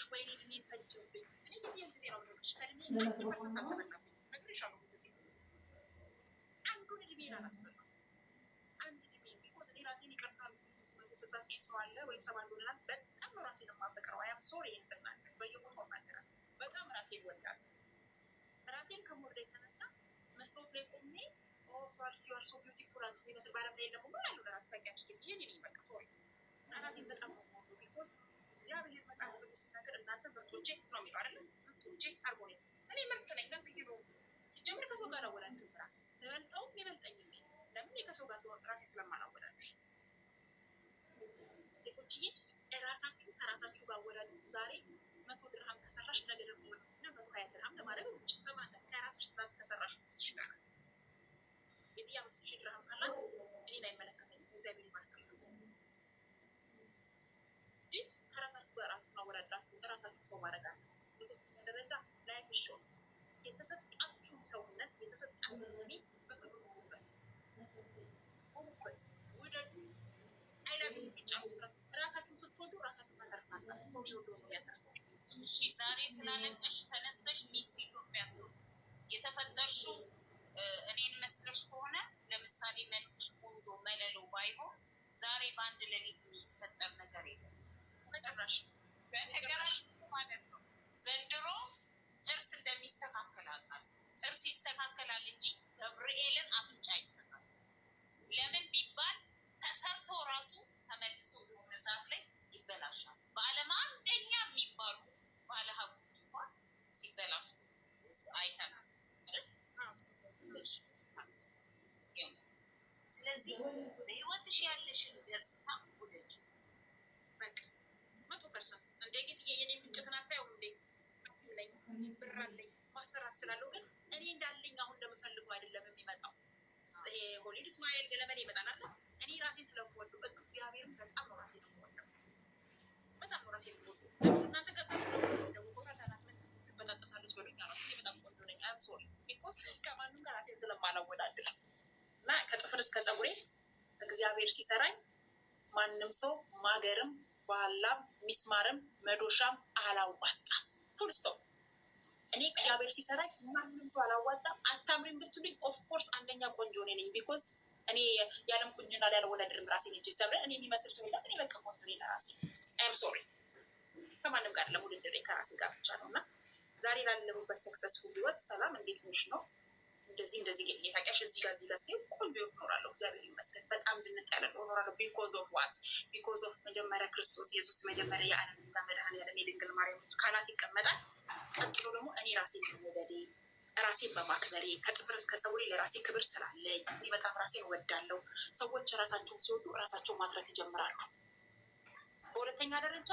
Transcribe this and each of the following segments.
ነገሮች ወይኔ እድሜን ፈጀብኝ። እኔ ግን ጊዜ ነው ነገሮች ከእድሜ አንዱን እድሜን አላስፈልግም። አንድ እድሜ ቢኮዝ እኔ ራሴን ይቅርታ ሰው አለ ወይም ሰባ ሆናል። በጣም ራሴን የማፈቅረው አያም ሶሪ ይንስናለን በየቦታው ናገራል። በጣም ራሴን ወዳለሁ። ራሴን ከምወደ የተነሳ መስታወት ላይ ቆሜ ሰዋል ዩአር ሶ ቢዩቲፉል አንቺ የሚመስል ባለም ላይ ለመሆን አሉ ለራስ ታውቂያለሽ። ግን ይህን በቃ ሶሪ ራሴን በጣም ነው ቢኮዝ እግዚአብሔር መጽሐፍ ቅዱስ ሲናገር እናንተ ምርጦቼ ነው የሚለው አይደለም። ምርጦቼ አርጎኔስ እኔ ምርጥ ነኝ። ምርጥ ይሄ ነው ሲጀምር ከሰው ጋር አወዳደር ራስ ለበልጠው ይበልጠኝ የሚል ለምን የከሰው ጋር ሰው ራሴ ስለማላወዳደር ሴቶችዬ ራሳችሁ ከራሳችሁ ጋር አወዳደር። ዛሬ መቶ ድርሃም ከሰራሽ ነገ ደግሞ እና መቶ ሀያ ድርሃም ለማድረግ ውጭ በማለት ከራስሽ ትናንት ከሰራሽ ትስሽ ጋር እንግዲህ አምስት ሺህ ድርሃም ካላት እኔን አይመለከትም ብላችሁ እራሳችሁ ሰው ማድረግ አለ። በሶስተኛ ደረጃ ላይፍ ሾርት የተሰጣችሁ ሰውነት የተሰጣችሁ ሆኔ በክብር ሆኑበት፣ ሆኑበት፣ ውደዱት። አይላፊ ጫፉ ራሳችሁ ስትወዱ ራሳችሁ ታተርፋላችሁ። ሰው ወዶ ነው ያተርፋል። እሺ ዛሬ ስላለቀሽ ተነስተሽ ሚስ ኢትዮጵያ ነው የተፈጠርሽው። እኔን መስለሽ ከሆነ ለምሳሌ መልክሽ ቆንጆ መለለው ባይሆን ዛሬ በአንድ ሌሊት የሚፈጠ ማሰራት ስላለው ግን እኔ እንዳለኝ አሁን ለምፈልገው አይደለም የሚመጣው። ይሄ ሆሊድ እስማኤል ገለመን ይመጣል አለ እኔ ራሴ ስለምወዱ እግዚአብሔርም በጣም ነው ራሴ ለምወዱ በጣም ነው ራሴ ለምወዱ እናንተ ገባችሁ ደግሞ ቆራዳናት ምን ትበጣጠሳለች በሉኝ። አራት በጣም ቆንጆ ነኝ። አም ሶሪ ቢኮስ ከማንም ጋር ራሴን ስለማላወዳድር እና ከጥፍር እስከ ጸጉሬ እግዚአብሔር ሲሰራኝ ማንም ሰው ማገርም ባላም ሚስማርም መዶሻም አላዋጣም። ፉል ስቶፕ እግዚአብሔር ሲሰራ ማንም ሰው አላዋጣም። አታምሪም ብትሉኝ ኦፍኮርስ አንደኛ ቆንጆ እኔ ነኝ። ቢኮዝ እኔ ያለም ቁንጅና ላይ አልወዳደርም። ራሴ ልጅ ሰብረ እኔ የሚመስል ሰው የለም። እኔ በቃ ቆንጆ እኔ ለራሴ አይም ሶሪ ከማንም ጋር ለውድድር ከራሴ ጋር ብቻ ነው እና ዛሬ ላለሁበት ሰክሰስፉል ህይወት ሰላም እንዴት ነሽ ነው እንደዚህ እንደዚህ የታውቂያሽ እዚህ ጋር እዚህ ጋር ሲሆን ቆንጆ እኖራለሁ። እግዚአብሔር ይመስገን በጣም ዝንጥ ያለ እኖራለሁ። ቢኮዝ ኦፍ ዋት ቢኮዝ ኦፍ መጀመሪያ ክርስቶስ ኢየሱስ መጀመሪያ የዓለም ዛ መድኃኔዓለም የድንግል ማርያም ካናት ይቀመጣል ቀጥሎ ደግሞ እኔ ራሴን በመውደዴ ራሴን በማክበሬ ከጥፍር እስከ ፀጉሬ ለራሴ ክብር ስላለኝ እኔ በጣም ራሴን ወዳለው። ሰዎች ራሳቸውን ሲወዱ ራሳቸው ማትረፍ ይጀምራሉ። በሁለተኛ ደረጃ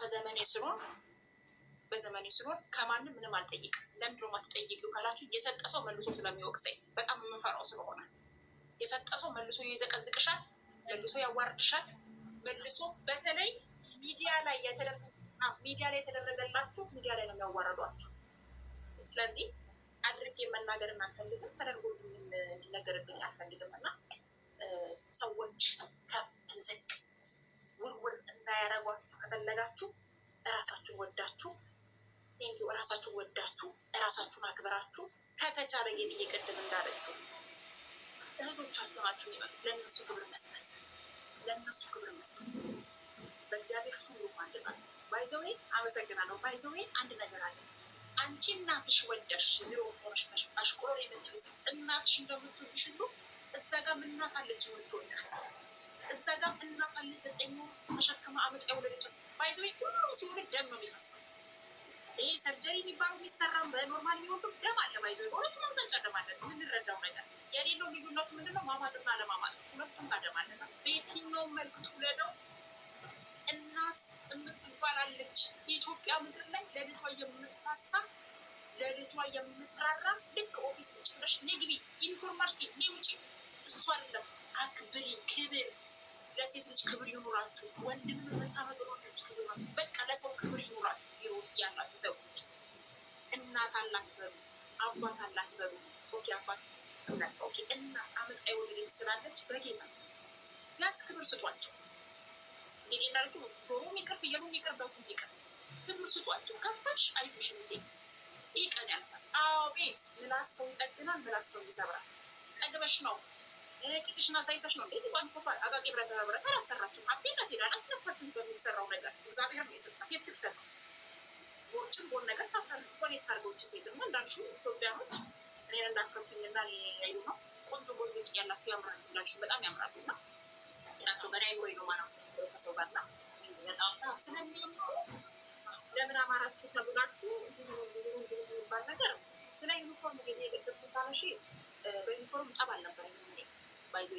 በዘመኔ ስኖር በዘመኔ ስኖር ከማንም ምንም አልጠይቅም። ለምንድነው የማትጠይቂው ካላችሁ የሰጠ ሰው መልሶ ስለሚወቅሰኝ በጣም የምፈራው ስለሆነ የሰጠ ሰው መልሶ ይዘቀዝቅሻል፣ መልሶ ያዋርድሻል፣ መልሶ በተለይ ሚዲያ ላይ የተለፉ ሚዲያ ላይ የተደረገላችሁ ሚዲያ ላይ ነው የሚያዋረዷችሁ። ስለዚህ አድርጌ መናገርን አልፈልግም፣ ተደርጎልኝ እንዲነገርብኝ አልፈልግም እና ሰዎች ከፍ ዝቅ ውርውር እንዳያረጓችሁ ከፈለጋችሁ እራሳችሁ ወዳችሁ ቴንኪ እራሳችሁ ወዳችሁ እራሳችሁን አክብራችሁ ከተቻለ ጌ እየቀድም እንዳለችው እህቶቻችሁ ናችሁ የሚመጡት ለእነሱ ክብር መስጠት ለእነሱ ክብር መስጠት በእግዚአብሔር ሁሉ አንድ ናት። ባይዘዌ አመሰግናለሁ። ባይዘዌ አንድ ነገር አለ። አንቺ እናትሽ ወደሽ ቢሮ ውስጥ ሆነሽ አሽቆሮ የምትልስ እናትሽ እንደምትወድሽ ሁሉ እዛ ጋር ምናታለች አለች እዛ ጋር እናት ዘጠኙ መሸከማ አመጣ የወለደች ባይዘዌ ሁሉም ሲሆን ደም ነው የሚፈሰው። ይሄ ሰርጀሪ የሚባለው የሚሰራም በኖርማል የሚወዱ ደም አለ። ባይዘዌ በሁለቱም አቅጣጫ ደም አለ። የምንረዳው ነገር የሌለው ልዩነቱ ምንድነው? ማማጥና ለማማጥ ሁለቱም ጋር ደም አለና በየትኛውም መልክ ትውለደው እናት የምትባላለች የኢትዮጵያ ምድር ላይ ለልጇ የምትሳሳ ለልጇ የምትራራ ልክ ኦፊስ ቁጭ ብለሽ ንግቢ ዩኒፎርም አድርጊ እኔ ውጪ እሱ አይደለም። አክብሪ፣ ክብር ለሴት ልጅ ክብር ይኑራችሁ። ወንድም የምታመጡ ወንዶች ክብር ይኑራችሁ። በቃ ለሰው ክብር ይኑራችሁ። ቢሮ ውስጥ ያላችሁ ሰዎች እናት አላት በሉ፣ አባት አላት በሉ። ኦኬ አባት እናት ኦኬ እናት አመጣ የወለደች ስላለች በጌታ ናት ክብር ስጧቸው። የሌላችሁ ዶሮ ይቅር፣ ፍየሉ ይቅር፣ በጉ ክብር ስጧቸው። ከፋሽ አይዞሽ፣ እንዴ ይህ ቀን ያልፋል። አቤት ምላስ ሰው ይጠግናል፣ ምላስ ሰው ይሰብራል። ጠግበሽ ነው ቂጥሽን አሳይተሽ ነው እንዴ ባንኮሳ አቃቂ ብረገበረ አላሰራችሁ አቤላት በሚሰራው ነገር እግዚአብሔር ነው የሰጣት የትክተት ነገር ታስራለች። ኳን የታርገዎች ሴት ነው እንዳልሹ ኢትዮጵያኖች እኔን እንዳከብኝና ያዩ ነው ቆንጆ ያላችሁ ያምራሉ፣ እንዳልሹ በጣም ያምራሉ። እና ናቸው በላይ ወይ ነው ማለት ነው ከሰው ጋር እና በጣም ለምን አማራችሁ ተብላችሁ የሚባል ነገር ስለ ዩኒፎርም ጊዜ የቅጥር ስታነሺ በዩኒፎርም ጠብ አልነበረኝ። ባይዘ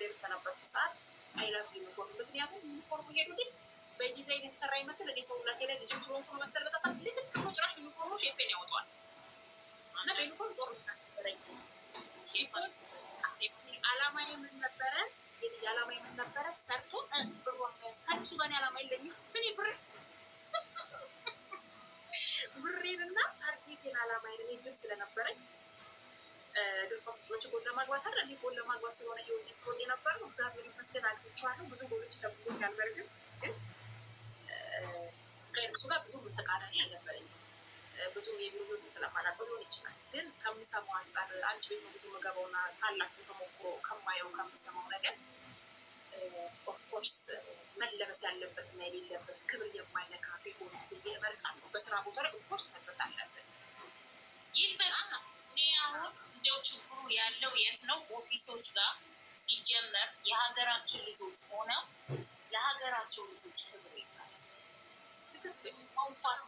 ደርግ ከነበርኩ ሰዓት አይላፍ ዩኒፎርም ምክንያቱም ዩኒፎርም ሄዱ ግን በዲዛይን የተሰራ ይመስል እኔ ሰውነት ላይ ልጅም ስለሆንኩ መሰል መሳሳት ልክክ ብሎ ጭራሽ ዩኒፎርሙ ሼፔን ያወጣዋል እና በዩኒፎርም ጦርነት አልነበረኝ። አላማ የምን ነበረ የዓላማ ነበረ ሰርቶ ብሩ ያዝ ከእነሱ ጋር የዓላማ የለኝም እኔ ብር ብሬንና ታርጌቴን ዓላማ የለ ድል ስለነበረኝ ድል ኳሶች ጎል ለማግባት አለ እኔ ጎል ለማግባት ስለሆነ ህይወት ጎል የነበረ እግዚአብሔር ይመስገን አግኝቼዋለሁ። ብዙ ጎሎች ተጉሎኛል። በእርግጥ ግን ከእነሱ ጋር ብዙ ተቃራኒ አልነበረኝም። ብዙ የሚሉት ስለማላውቀው ሊሆን ይችላል። ግን ከምሰማው አንጻር አንቺ ቤት ብዙ መገባውና ካላችሁ ተሞክሮ ከማየው ከምሰማው ነገር ኦፍኮርስ መለበስ ያለበት እና የሌለበት ክብር የማይነካ ቢሆን ብዬ እመርጣለሁ። በስራ ቦታ ላይ ኦፍኮርስ መለበስ አለበት። ይልበስ። እኔ አሁን እንዲያው ችግሩ ያለው የት ነው? ኦፊሶች ጋር ሲጀመር የሀገራችን ልጆች ሆነው ለሀገራቸው ልጆች ክብር የላቸው ንፋስ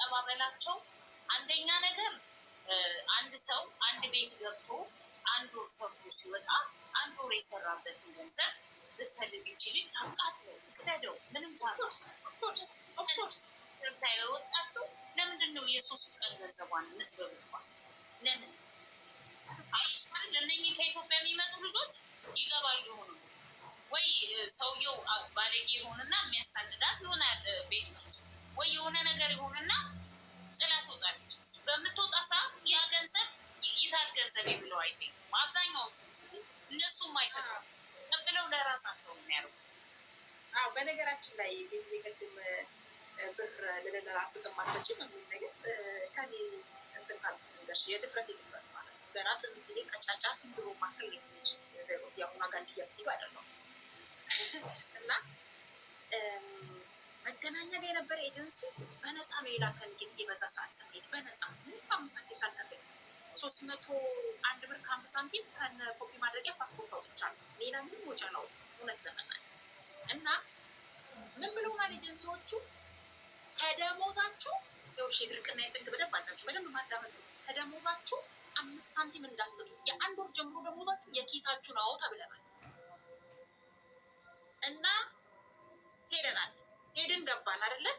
ጠባበላቸው። አንደኛ ነገር አንድ ሰው አንድ ቤት ገብቶ አንድ ወር ሰርቶ ሲወጣ አንድ ወር የሰራበትን ገንዘብ ብትፈልግ እቺ ልጅ ነው ትቅደደው፣ ምንም ታርስ ርታ የወጣችው ለምንድን ነው? የሶስት ቀን ገንዘቧን የምትገቡባት ለምን አይሻል? እነኚህ ከኢትዮጵያ የሚመጡ ልጆች ይገባሉ የሆኑ ወይ ሰውየው ባለጌ የሆንና የሚያሳድዳት የሆነ ቤት ውስጥ ወይ የሆነ ነገር የሆንና ጥላ ትወጣለች። በምትወጣ ሰዓት ያ ገንዘብ ይታል ገንዘብ ብለው አይጠይቁም አብዛኛዎቹ ልጆች እነሱም አይሰጡም። ብለው ለራሳቸው ነው ያሉት። አዎ በነገራችን ላይ ቴክኒ ቅድም ብር ለሌላ ስጥም ማሰጭ በሚል ነገር ከኔ እንትን ነገር የድፍረት የድፍረት ማለት ነው። ገና ጥንት ጊዜ ቀጫጫ ሲንድሮ ማክል ሜሴጅ ሮት የአሁኗ ጋንድያ ስቲቭ አይደለም እና መገናኛ ላይ የነበረ ኤጀንሲ በነፃ ነው የላከን። እንግዲህ በዛ ሰዓት ስንሄድ በነፃ ምንም አምሳቸው ሳልከፍል ሶስት መቶ አንድ ብር ከሀምሳ ሳንቲም ከነ ኮፒ ማድረጊያ ፓስፖርት አውጥቻለሁ። ሌላ ምንም ወጪ አላወጣም እውነት ለመናገር እና ምን ብለውናል ኤጀንሲዎቹ ከደሞዛችሁ ሽ የድርቅና የጥንቅ በደንብ አላችሁ በደንብ ማዳመጡ ከደሞዛችሁ አምስት ሳንቲም እንዳስጡ የአንድ ወር ጀምሮ ደሞዛችሁ የኪሳችሁን አወጣ ብለናል እና ሄደናል ሄድን ገባን አይደለን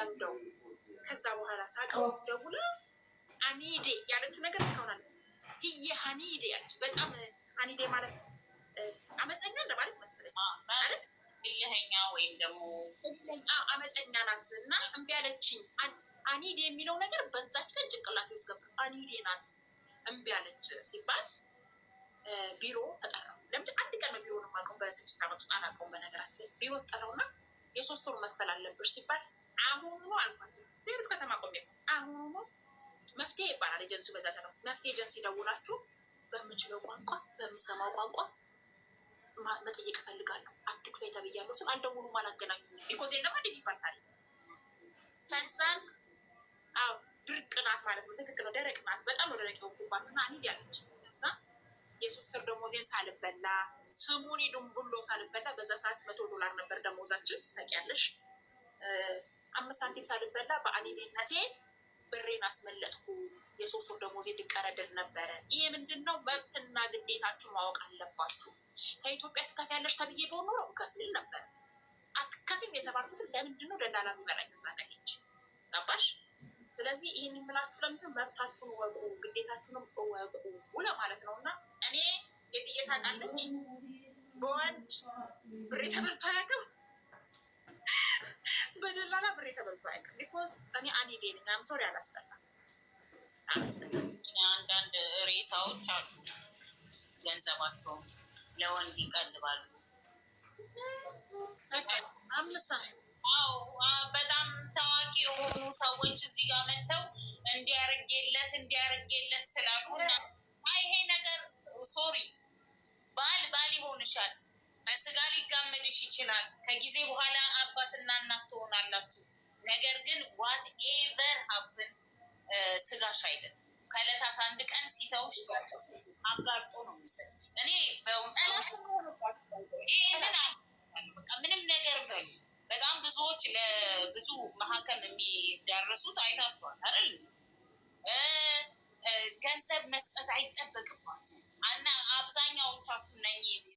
ለምደው ከዛ በኋላ ሳቀው ደውላ አኒዴ ያለችው ነገር እስካሁን አለ ይሄ አኒዴ ያለች በጣም አኒዴ ማለት አመፀኛ እንደማለት መሰለች ማለት እልኸኛ ወይም ደግሞ አመፀኛ ናት እና እምቢ አለችኝ። አኒዴ የሚለው ነገር በዛች ቀን ጭንቅላት ውስጥ አኒዴ ናት እምቢ አለች ሲባል ቢሮ ተጠራው። ለምጭ አንድ ቀን ነው ቢሮን ማቀው በስድስት ዓመት ውስጥ አላቀውም። በነገራት ላይ ቢሮ ተጠራውና የሶስት ወር መክፈል አለብሽ ሲባል አሁኑኑ አልኳቸው። ቤሩት ከተማ ቆሜ አሁኑኑ መፍትሄ ይባላል ኤጀንሲው። በዛ ሰዓት መፍትሄ ኤጀንሲ ደውላችሁ በምችለው ቋንቋ በምሰማው ቋንቋ መጠየቅ እፈልጋለሁ። አትክፈ የተብያለሁ ስል አልደውሉም፣ አላገናኙኝም። ቢኮዝ የለም አንድ የሚባል ታሪክ ከዛን አዎ ድርቅ ናት ማለት ነው። ትክክል ነው። ደረቅ ናት። በጣም ነው ደረቅ የሆንኩባት እና እኔ ያለች ከዛ የሶስት ወር ደሞዜን ሳልበላ ስሙኒ ድንቡሎ ሳልበላ በዛ ሰዓት መቶ ዶላር ነበር ደሞዛችን ታውቂያለሽ። አምስት ሳንቲም ሳልበላ በአኔሌነቴ ብሬን አስመለጥኩ። የሶስት ወር ደሞዜ እንዲቀረድር ነበረ። ይህ ምንድን ነው? መብትና ግዴታችሁ ማወቅ አለባችሁ። ከኢትዮጵያ ያለች ተብዬ በሆኑ ነው እከፍል ነበር። አትከፍም የተባልኩትን ለምንድን ነው? ደላላ የሚበላኝ እዛ ገለች። ገባሽ? ስለዚህ ይህን የምላችሁ ለምንድን መብታችሁን እወቁ፣ ግዴታችሁንም እወቁ ውለ ማለት ነው። እና እኔ የጥየት አውቃለች በወንድ ብሬ ተበልቶ አያውቅም። በደላላ ብሬ ተበልቶ አያውቅም። ቢኮዝ እኔ አኔዴ ነኝ። አም ሶሪ አላስፈላ አንዳንድ ሬሳዎች አሉ ገንዘባቸውም ለወንድ ይቀልባሉ። አምሳ በጣም ታዋቂ የሆኑ ሰዎች እዚህ ጋር መጥተው እንዲያርጌለት እንዲያርጌለት ስላሉ ይሄ ነገር ሶሪ ባል ባል ይሆንሻል በስጋ ሊጋመድሽ ይችላል። ከጊዜ በኋላ አባትና እናት ትሆናላችሁ። ነገር ግን ዋት ኤቨር ሀብን ስጋሽ አይደለም። ከእለታት አንድ ቀን ሲተውሽ አጋርጦ ነው የሚሰጥሽ። እኔ ይህንን ምንም ነገር በሉ በጣም ብዙዎች ለብዙ መሀከም የሚዳረሱት አይታችኋል አይደል? ገንዘብ መስጠት አይጠበቅባችሁ እና አብዛኛዎቻችሁ ነኝ